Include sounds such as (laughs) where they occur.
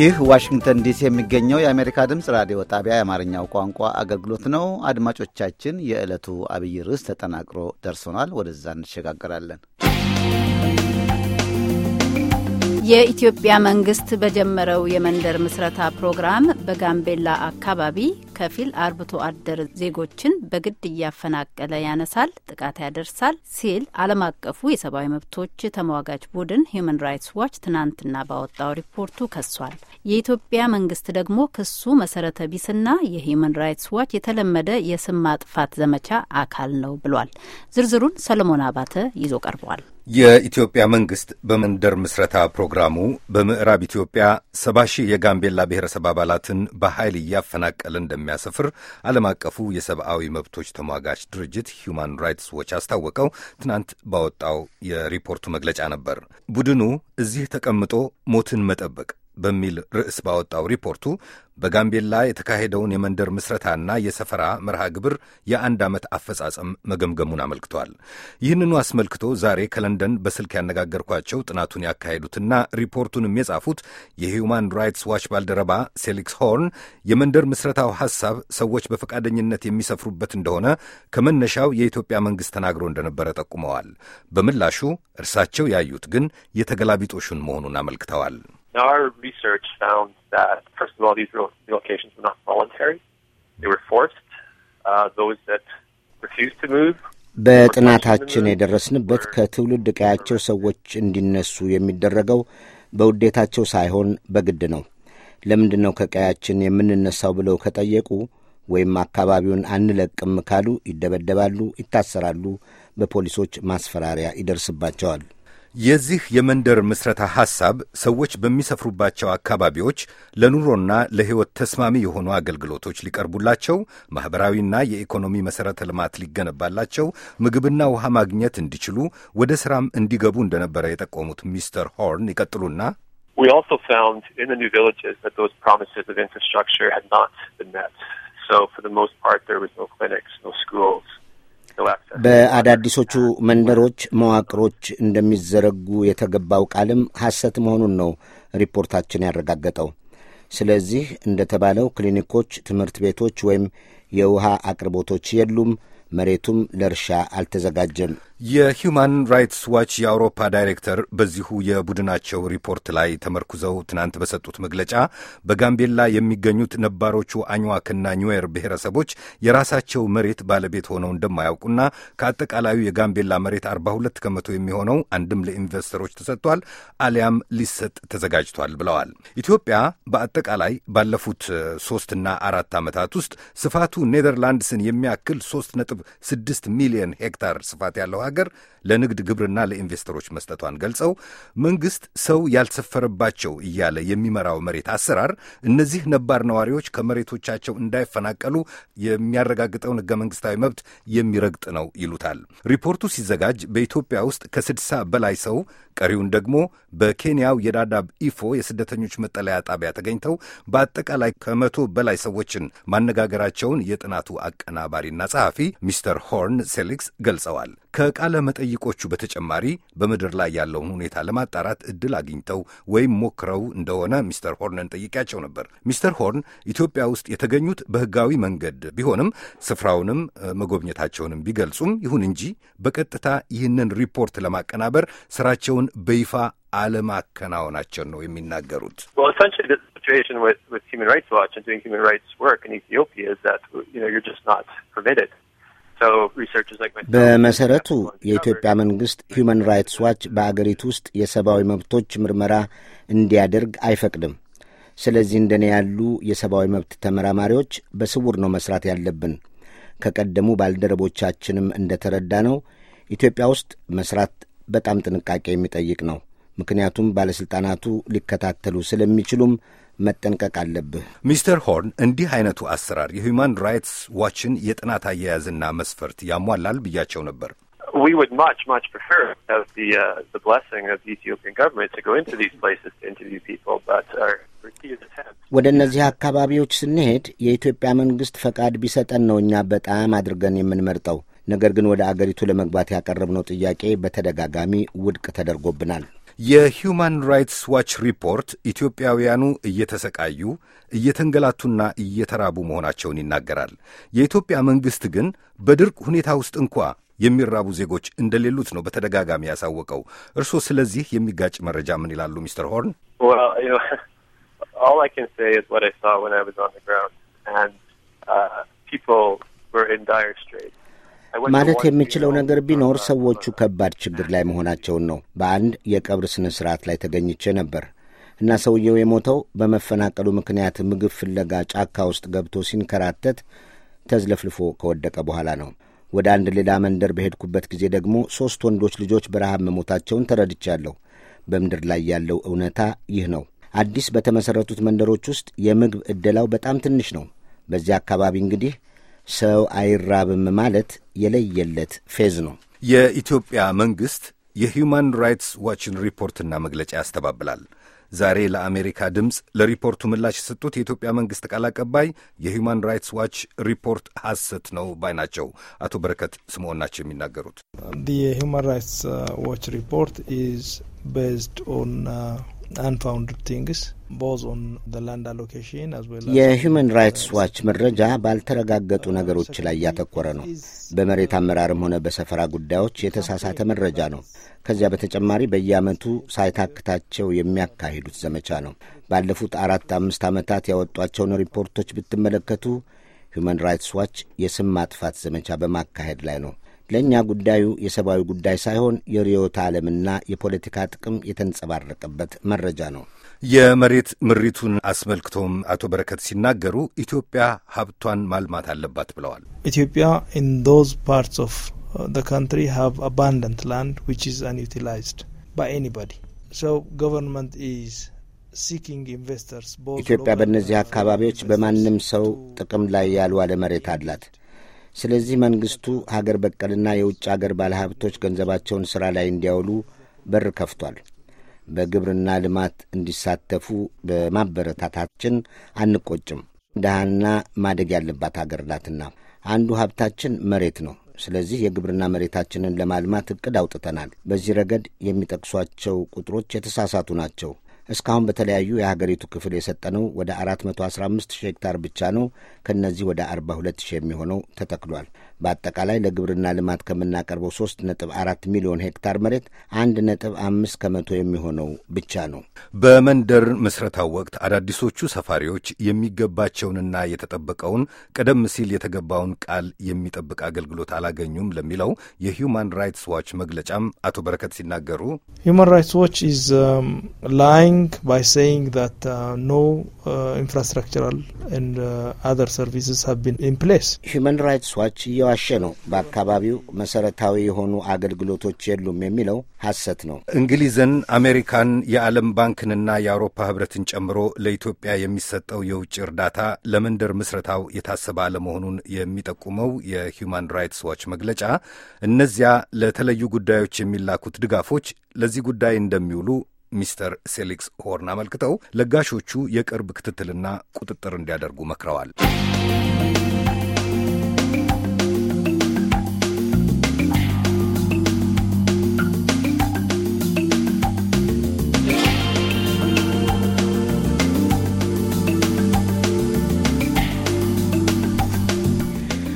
ይህ ዋሽንግተን ዲሲ የሚገኘው የአሜሪካ ድምፅ ራዲዮ ጣቢያ የአማርኛው ቋንቋ አገልግሎት ነው። አድማጮቻችን፣ የዕለቱ አብይ ርዕስ ተጠናቅሮ ደርሶናል። ወደዛ እንሸጋግራለን። የኢትዮጵያ መንግስት በጀመረው የመንደር ምስረታ ፕሮግራም በጋምቤላ አካባቢ ከፊል አርብቶ አደር ዜጎችን በግድ እያፈናቀለ ያነሳል፣ ጥቃት ያደርሳል ሲል ዓለም አቀፉ የሰብአዊ መብቶች ተሟጋች ቡድን ሂዩማን ራይትስ ዋች ትናንትና ባወጣው ሪፖርቱ ከሷል። የኢትዮጵያ መንግስት ደግሞ ክሱ መሰረተ ቢስና የሂዩማን ራይትስ ዋች የተለመደ የስም ማጥፋት ዘመቻ አካል ነው ብሏል። ዝርዝሩን ሰለሞን አባተ ይዞ ቀርቧል። የኢትዮጵያ መንግስት በመንደር ምስረታ ፕሮግራሙ በምዕራብ ኢትዮጵያ ሰባ ሺህ የጋምቤላ ብሔረሰብ አባላትን በኃይል እያፈናቀለ እንደሚ እንደሚያሰፍር ዓለም አቀፉ የሰብአዊ መብቶች ተሟጋች ድርጅት ሁማን ራይትስ ዎች አስታወቀው ትናንት ባወጣው የሪፖርቱ መግለጫ ነበር። ቡድኑ እዚህ ተቀምጦ ሞትን መጠበቅ በሚል ርዕስ ባወጣው ሪፖርቱ በጋምቤላ የተካሄደውን የመንደር ምስረታና የሰፈራ መርሃ ግብር የአንድ ዓመት አፈጻጸም መገምገሙን አመልክቷል። ይህንኑ አስመልክቶ ዛሬ ከለንደን በስልክ ያነጋገርኳቸው ጥናቱን ያካሄዱትና ሪፖርቱንም የጻፉት የሂውማን ራይትስ ዋች ባልደረባ ሴሊክስ ሆርን የመንደር ምስረታው ሐሳብ ሰዎች በፈቃደኝነት የሚሰፍሩበት እንደሆነ ከመነሻው የኢትዮጵያ መንግሥት ተናግሮ እንደነበረ ጠቁመዋል። በምላሹ እርሳቸው ያዩት ግን የተገላቢጦሹን መሆኑን አመልክተዋል። our research found that, first of all, these relocations were not voluntary, they were forced. Uh, those that refused to move በጥናታችን የደረስንበት ከትውልድ ቀያቸው ሰዎች እንዲነሱ የሚደረገው በውዴታቸው ሳይሆን በግድ ነው። ለምንድን ነው ከቀያችን የምንነሳው ብለው ከጠየቁ ወይም አካባቢውን አንለቅም ካሉ ይደበደባሉ፣ ይታሰራሉ፣ በፖሊሶች ማስፈራሪያ ይደርስባቸዋል። የዚህ የመንደር ምስረታ ሐሳብ ሰዎች በሚሰፍሩባቸው አካባቢዎች ለኑሮና ለሕይወት ተስማሚ የሆኑ አገልግሎቶች ሊቀርቡላቸው፣ ማኅበራዊና የኢኮኖሚ መሠረተ ልማት ሊገነባላቸው፣ ምግብና ውሃ ማግኘት እንዲችሉ፣ ወደ ሥራም እንዲገቡ እንደነበረ የጠቆሙት ሚስተር ሆርን ይቀጥሉና ስ also ስ ስ በአዳዲሶቹ መንደሮች መዋቅሮች እንደሚዘረጉ የተገባው ቃልም ሐሰት መሆኑን ነው ሪፖርታችን ያረጋገጠው። ስለዚህ እንደተባለው ክሊኒኮች፣ ትምህርት ቤቶች ወይም የውሃ አቅርቦቶች የሉም። መሬቱም ለእርሻ አልተዘጋጀም። የሂውማን ራይትስ ዋች የአውሮፓ ዳይሬክተር በዚሁ የቡድናቸው ሪፖርት ላይ ተመርኩዘው ትናንት በሰጡት መግለጫ በጋምቤላ የሚገኙት ነባሮቹ አኝዋክና ኒዌር ብሔረሰቦች የራሳቸው መሬት ባለቤት ሆነው እንደማያውቁና ከአጠቃላዩ የጋምቤላ መሬት 42 ከመቶ የሚሆነው አንድም ለኢንቨስተሮች ተሰጥቷል አሊያም ሊሰጥ ተዘጋጅቷል ብለዋል። ኢትዮጵያ በአጠቃላይ ባለፉት ሶስትና አራት ዓመታት ውስጥ ስፋቱ ኔዘርላንድስን የሚያክል ሶስት ነጥብ ስድስት ሚሊዮን ሄክታር ስፋት ያለው ሀገር ለንግድ ግብርና ለኢንቨስተሮች መስጠቷን ገልጸው መንግስት ሰው ያልሰፈረባቸው እያለ የሚመራው መሬት አሰራር እነዚህ ነባር ነዋሪዎች ከመሬቶቻቸው እንዳይፈናቀሉ የሚያረጋግጠውን ህገ መንግስታዊ መብት የሚረግጥ ነው ይሉታል። ሪፖርቱ ሲዘጋጅ በኢትዮጵያ ውስጥ ከስድሳ በላይ ሰው ቀሪውን ደግሞ በኬንያው የዳዳብ ኢፎ የስደተኞች መጠለያ ጣቢያ ተገኝተው በአጠቃላይ ከመቶ በላይ ሰዎችን ማነጋገራቸውን የጥናቱ አቀናባሪና ጸሐፊ ሚስተር ሆርን ሴሊክስ ገልጸዋል። ከቃለ መጠይቆቹ በተጨማሪ በምድር ላይ ያለውን ሁኔታ ለማጣራት እድል አግኝተው ወይም ሞክረው እንደሆነ ሚስተር ሆርንን ጠይቄያቸው ነበር። ሚስተር ሆርን ኢትዮጵያ ውስጥ የተገኙት በህጋዊ መንገድ ቢሆንም ስፍራውንም መጎብኘታቸውንም ቢገልጹም ይሁን እንጂ በቀጥታ ይህንን ሪፖርት ለማቀናበር ስራቸውን በይፋ አለማከናወናቸው ነው የሚናገሩት። በመሰረቱ የኢትዮጵያ መንግስት ሁማን ራይትስ ዋች በአገሪቱ ውስጥ የሰብአዊ መብቶች ምርመራ እንዲያደርግ አይፈቅድም። ስለዚህ እንደኔ ያሉ የሰብአዊ መብት ተመራማሪዎች በስውር ነው መስራት ያለብን። ከቀደሙ ባልደረቦቻችንም እንደተረዳ ነው ኢትዮጵያ ውስጥ መስራት በጣም ጥንቃቄ የሚጠይቅ ነው። ምክንያቱም ባለሥልጣናቱ ሊከታተሉ ስለሚችሉም መጠንቀቅ አለብህ። ሚስተር ሆርን እንዲህ አይነቱ አሰራር የሁማን ራይትስ ዋችን የጥናት አያያዝና መስፈርት ያሟላል ብያቸው ነበር። uh, ወደ እነዚህ አካባቢዎች ስንሄድ የኢትዮጵያ መንግስት ፈቃድ ቢሰጠን ነው እኛ በጣም አድርገን የምንመርጠው። ነገር ግን ወደ አገሪቱ ለመግባት ያቀረብነው ጥያቄ በተደጋጋሚ ውድቅ ተደርጎብናል። የሂውማን ራይትስ ዋች ሪፖርት ኢትዮጵያውያኑ እየተሰቃዩ እየተንገላቱና እየተራቡ መሆናቸውን ይናገራል። የኢትዮጵያ መንግሥት ግን በድርቅ ሁኔታ ውስጥ እንኳ የሚራቡ ዜጎች እንደሌሉት ነው በተደጋጋሚ ያሳወቀው። እርስዎ ስለዚህ የሚጋጭ መረጃ ምን ይላሉ ሚስተር ሆርን? (laughs) ማለት የምችለው ነገር ቢኖር ሰዎቹ ከባድ ችግር ላይ መሆናቸውን ነው። በአንድ የቀብር ስነ ስርዓት ላይ ተገኝቼ ነበር እና ሰውየው የሞተው በመፈናቀሉ ምክንያት ምግብ ፍለጋ ጫካ ውስጥ ገብቶ ሲንከራተት ተዝለፍልፎ ከወደቀ በኋላ ነው። ወደ አንድ ሌላ መንደር በሄድኩበት ጊዜ ደግሞ ሦስት ወንዶች ልጆች በረሃብ መሞታቸውን ተረድቻለሁ። በምድር ላይ ያለው እውነታ ይህ ነው። አዲስ በተመሠረቱት መንደሮች ውስጥ የምግብ ዕደላው በጣም ትንሽ ነው። በዚያ አካባቢ እንግዲህ ሰው አይራብም ማለት የለየለት ፌዝ ነው። የኢትዮጵያ መንግሥት የሂውማን ራይትስ ዋችን ሪፖርትና መግለጫ ያስተባብላል። ዛሬ ለአሜሪካ ድምፅ ለሪፖርቱ ምላሽ የሰጡት የኢትዮጵያ መንግሥት ቃል አቀባይ የሂውማን ራይትስ ዋች ሪፖርት ሐሰት ነው ባይ ናቸው። አቶ በረከት ስምዖን ናቸው የሚናገሩት። የሂውማን ራይትስ ዋች ሪፖርት ኢዝ ቤዝድ ኦን የሂውማን ራይትስ ዋች መረጃ ባልተረጋገጡ ነገሮች ላይ እያተኮረ ነው። በመሬት አመራርም ሆነ በሰፈራ ጉዳዮች የተሳሳተ መረጃ ነው። ከዚያ በተጨማሪ በየዓመቱ ሳይታክታቸው የሚያካሂዱት ዘመቻ ነው። ባለፉት አራት አምስት ዓመታት ያወጧቸውን ሪፖርቶች ብትመለከቱ ሂውማን ራይትስ ዋች የስም ማጥፋት ዘመቻ በማካሄድ ላይ ነው። ለእኛ ጉዳዩ የሰብአዊ ጉዳይ ሳይሆን የርዕዮተ ዓለምና የፖለቲካ ጥቅም የተንጸባረቀበት መረጃ ነው። የመሬት ምሪቱን አስመልክቶም አቶ በረከት ሲናገሩ ኢትዮጵያ ሀብቷን ማልማት አለባት ብለዋል። ኢትዮጵያ ኢን ፓርትስ ኦፍ ዘ ካንትሪ ሃቭ አባንደንት ላንድ ዊች ኢዝ አንዩቲላይዝድ ባይ ኤኒባዲ ሶ ገቨርንመንት ኢዝ ኢትዮጵያ በእነዚህ አካባቢዎች በማንም ሰው ጥቅም ላይ ያልዋለ መሬት አላት። ስለዚህ መንግስቱ ሀገር በቀልና የውጭ አገር ባለሀብቶች ገንዘባቸውን ሥራ ላይ እንዲያውሉ በር ከፍቷል። በግብርና ልማት እንዲሳተፉ በማበረታታችን አንቆጭም። ድሃና ማደግ ያለባት አገር ናትና አንዱ ሀብታችን መሬት ነው። ስለዚህ የግብርና መሬታችንን ለማልማት እቅድ አውጥተናል። በዚህ ረገድ የሚጠቅሷቸው ቁጥሮች የተሳሳቱ ናቸው። እስካሁን በተለያዩ የሀገሪቱ ክፍል የሰጠነው ወደ 415 ሺህ ሄክታር ብቻ ነው። ከእነዚህ ወደ 42 ሺህ የሚሆነው ተተክሏል። በአጠቃላይ ለግብርና ልማት ከምናቀርበው 3.4 ሚሊዮን ሄክታር መሬት 1.5 ከመቶ የሚሆነው ብቻ ነው። በመንደር ምስረታው ወቅት አዳዲሶቹ ሰፋሪዎች የሚገባቸውንና የተጠበቀውን ቀደም ሲል የተገባውን ቃል የሚጠብቅ አገልግሎት አላገኙም ለሚለው የሂዩማን ራይትስ ዋች መግለጫም አቶ በረከት ሲናገሩ ሂውማን ራይትስ ዋች ኢዝ ላይንግ ending by saying that uh, no uh, infrastructural and uh, other services have been in place. ራይትስ ዋች እየዋሸ ነው፣ በአካባቢው መሰረታዊ የሆኑ አገልግሎቶች የሉም የሚለው ሐሰት ነው። እንግሊዝን፣ አሜሪካን፣ የዓለም ባንክንና የአውሮፓ ህብረትን ጨምሮ ለኢትዮጵያ የሚሰጠው የውጭ እርዳታ ለመንደር ምስረታው የታሰበ አለመሆኑን የሚጠቁመው የሂዩማን ራይትስ ዋች መግለጫ እነዚያ ለተለዩ ጉዳዮች የሚላኩት ድጋፎች ለዚህ ጉዳይ እንደሚውሉ ሚስተር ሴሊክስ ሆርን አመልክተው ለጋሾቹ የቅርብ ክትትልና ቁጥጥር እንዲያደርጉ መክረዋል።